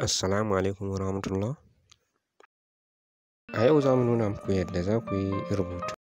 Assalamu alaikum wa rahmatullah. A yau za mu nuna muku yadda za ku yi rubutu.